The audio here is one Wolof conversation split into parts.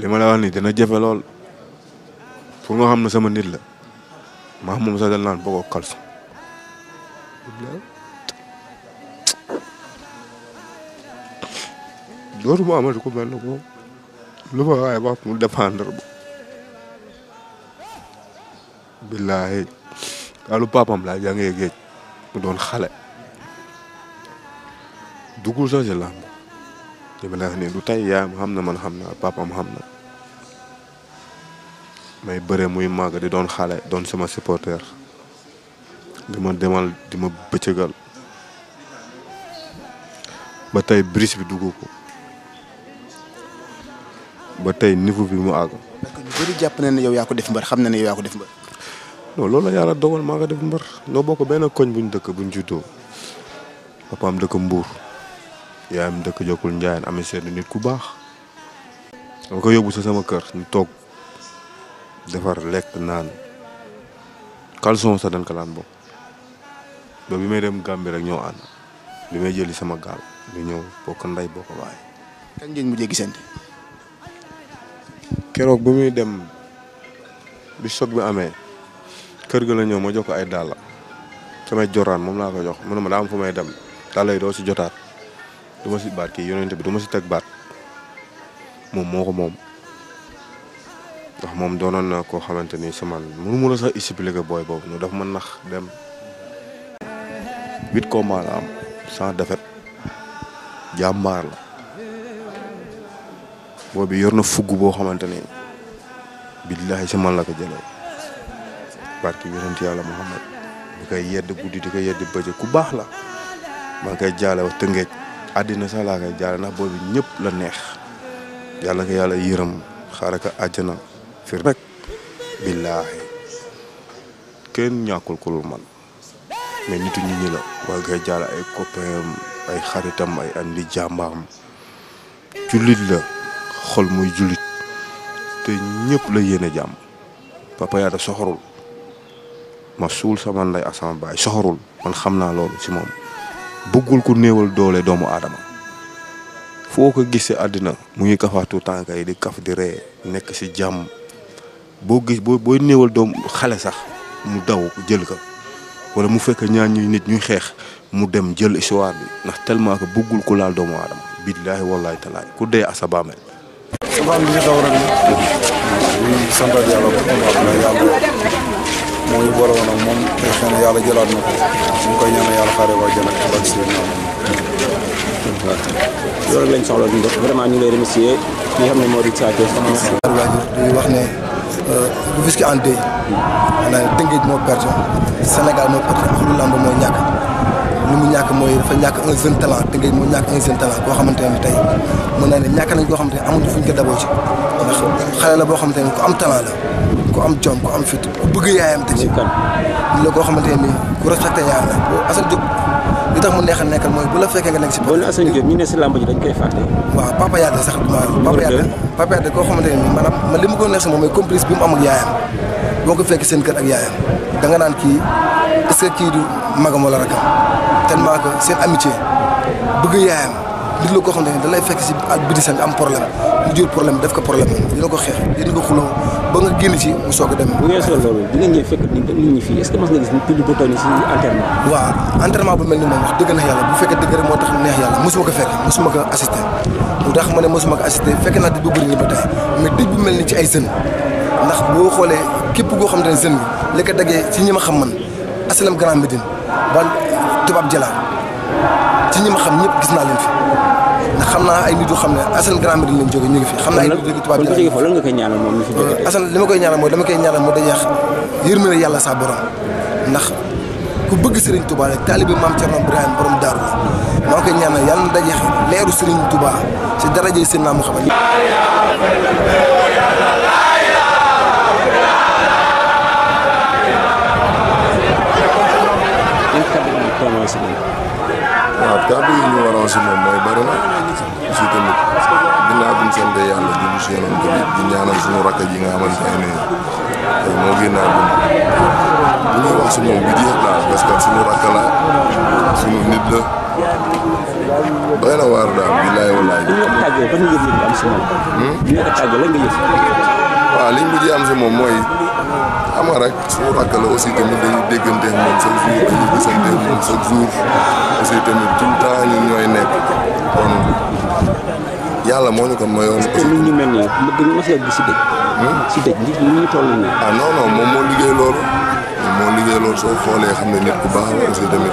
li ma la wax nii dina jafe lool pour nga xam ne sama nit la maa moom sax dal naan bokkoo kalsu dootuma amati ko mel ne ko lu ma waaye wax mu dépendre ba billaahi alu papam laa jàngee géej mu doon xale dugul sax si làmb li ya ya, ma lay ya, du tay yaayam xam man xamna papa papam xamna may bëre muy mag di doon xale doon sama supporter dima ma demal di ma bëccëgal ba tay brise bi duggu ko ba tay niveau bi mu ag ni que ñu bëri jàpp na ne yow ya ko def mbër xamna ne yow ya ko def mbër. non loolu la yàlla dogal maa def mbër noo bokk benn koñ buñ dëkk buñ juddoo am dëkk Mbour yaayam dekk jokul njaayeen amé sét nit ku bax dama ko yobbu sa sama kër ñu tok defar lek naan caleçon sa dan ko laan bopp ba bi may dem Gambie rek ñoo and bi may jëli sama gal. ñu ñëw bok nday bokk baay. kañ ngeen mujjee gisante. kérok bu muy dem bi sok bi amé kër ga la ñëw ma jox ko ay dàll sama joran mom la ko jox mënuma da am fu may dem dalay do ci si duma ci baat ki yonent bi duma ci tek bat mom moko mom wax mom donon na ko xamanteni sama man mënu mu la sax expliquer boy bobu no daf ma nax dem 8 combat la am sans défaite jambar la bi yorna fugu bo xamanteni billahi sama la ko jëlé barki yonent yalla muhammad bu kay yedd guddi di ko yedd beuje ku bax la ma kay jale wax àddina sax laa koy jaare ndax boobu ñëpp la neex yàlla ko yàlla yërëm xaaraka àjjana fir rek billaahi kenn ñàkkul ku dul man mais nitu nit ñi la wala koy jaare ay copainam ay xaritam ay am di jullit la xol muy jullit te ñëpp la yéene jàmm papa yaata soxorul ma suul sama ndey ak sama baay soxorul man xam naa loolu si moom bëggul ku néewal doole doomu aadama foo ko gis si àddina mu ngi kafaatu tànka yi di kaf di ree nekk ci jàmm boo gis boo booy néewal doom xale sax mu daw jël ko wala mu fekk ñaar ñuy nit ñuy xeex mu dem jël histoire bi ndax tellement que bëggul ku laal doomu aadama billaahi wallaahi talaay ku dee asa baamel sabaan moo ñu boole woon ak moom te xëy na yàlla jëlaat na ko ñu koy ñaanal yàlla xaaree ko jënd ak bàcc nañ waaw loolu lañ soxla dund vraiment ñu lay remercier ki xam ne moo di Sa Thiès. di wax ne bu euh, Rufisque en deuil xanaa Tëngéej moo perte Sénégal moo perte axlu làmb mooy ñàkk li mu ñàkk mooy dafa ñàkk un jeune talent Tëngéej moo ñàkk un jeune talent koo xamante ne tey mën naa ne ñàkk nañ koo xamante ne amuñu fuñ ko daboo ci. ndax xale la boo xamante ne ku am talent la ku am jom ku am fit ku bëgg yaayam te ci koo xamante ne ku respecté yaayam la boo Assane Diop li tax mu neex a nekkal mooy bu la fekkee nga ne si làmb koy fàtte waaw Papa Yade sax Papa Yade Papa xamante ne maanaam man li mu ko neex si moom mooy complice bi mu am ak yaayam boo ko fekkee seen kër ak yaayam da nga naan kii est-ce que kii du magam wala rakam tellement que seen amitié bëgg yaayam nit la koo xamante ne da lay fekk si ak biti sa nga am problème mu jur problème def ko problème dina ko xeex dina ko xuloo ba nga génn ci mu soog dem. bu weesoo loolu bi nga ñëw fekk nit ñi fii waaw entraînement bu mel ni moom wax dëgg na yàlla bu fekkee dëgg rek moo tax neex yàlla mosuma ko fekk mosuma ko assisté lu tax ma ne mosuma ko assisté fekk naa dëj bu bëri ni ba tey mais dëj bu mel ni ci ay jeunes ndax boo xoolee képp koo xam ne jeune bi li ko daggee ci ñi ma xam man asalam Grand Médine ba tubaab Jala ci ñi ma xam ñëpp gis naa leen fi ndax xam naa ay nit xam ne Assane Grand Médine lañ jógee ñu ngi fi xam naa ay nit yu tubaab bi lan nga koy ñaanal moom mi fi jógee euh, Assane li ma koy ñaanal mooy dama koy ñaanal mu yàlla sa borom ndax ku bëgg Serigne Touba rek taalibi maam Thierno Ibrahima borom daaru la maa koy ñaanal yàlla na dajeex leeru Serigne Touba ci darajay Seydina Muhammad kàddu yi ñu waroon si moom mooy bari na bi ñu sant yàlla di gis yeneen tamit di ñaanal suñu rakk ji a dund bu ñuy si moom bi jeex daal parce que suñu rakk la suñu nit la doy na waar daal billaay wallaay. bi ñu ko tàggee ban yëg-yëg hmm? nga am si moom. bi ñu ko tàggee lan si moom mooy xam nga rek suñu rakk la aussi tamit dañuy déggante chaque jour. aussi tamit tout le temps ñun ñooy nekk kon yàlla moo ñu ko mayoon. aussi lu ñu mel nii dañu mos a yàgg si dëj. Hmm? si dëj li ñu toll nii. ah non moom moo liggéey loolu moom moo liggéey loolu soo xoolee xam ne nit ku baax la aussi tamit.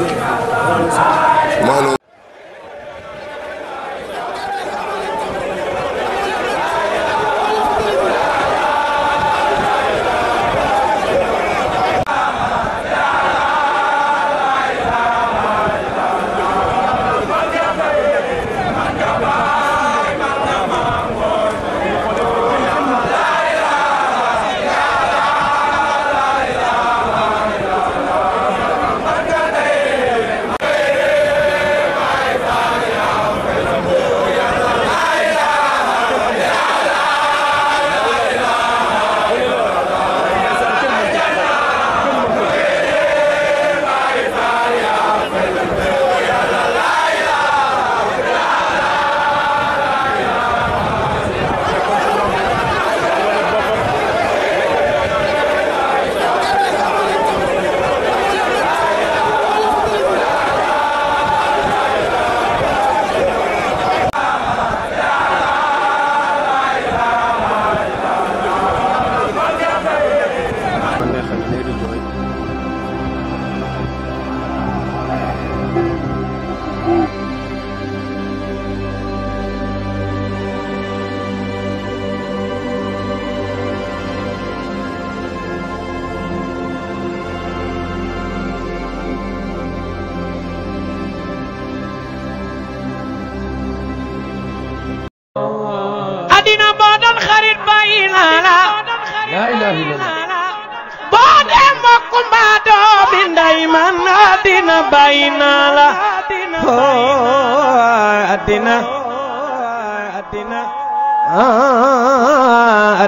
àddina bàyyi naa la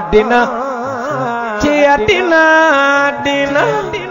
àddina àddina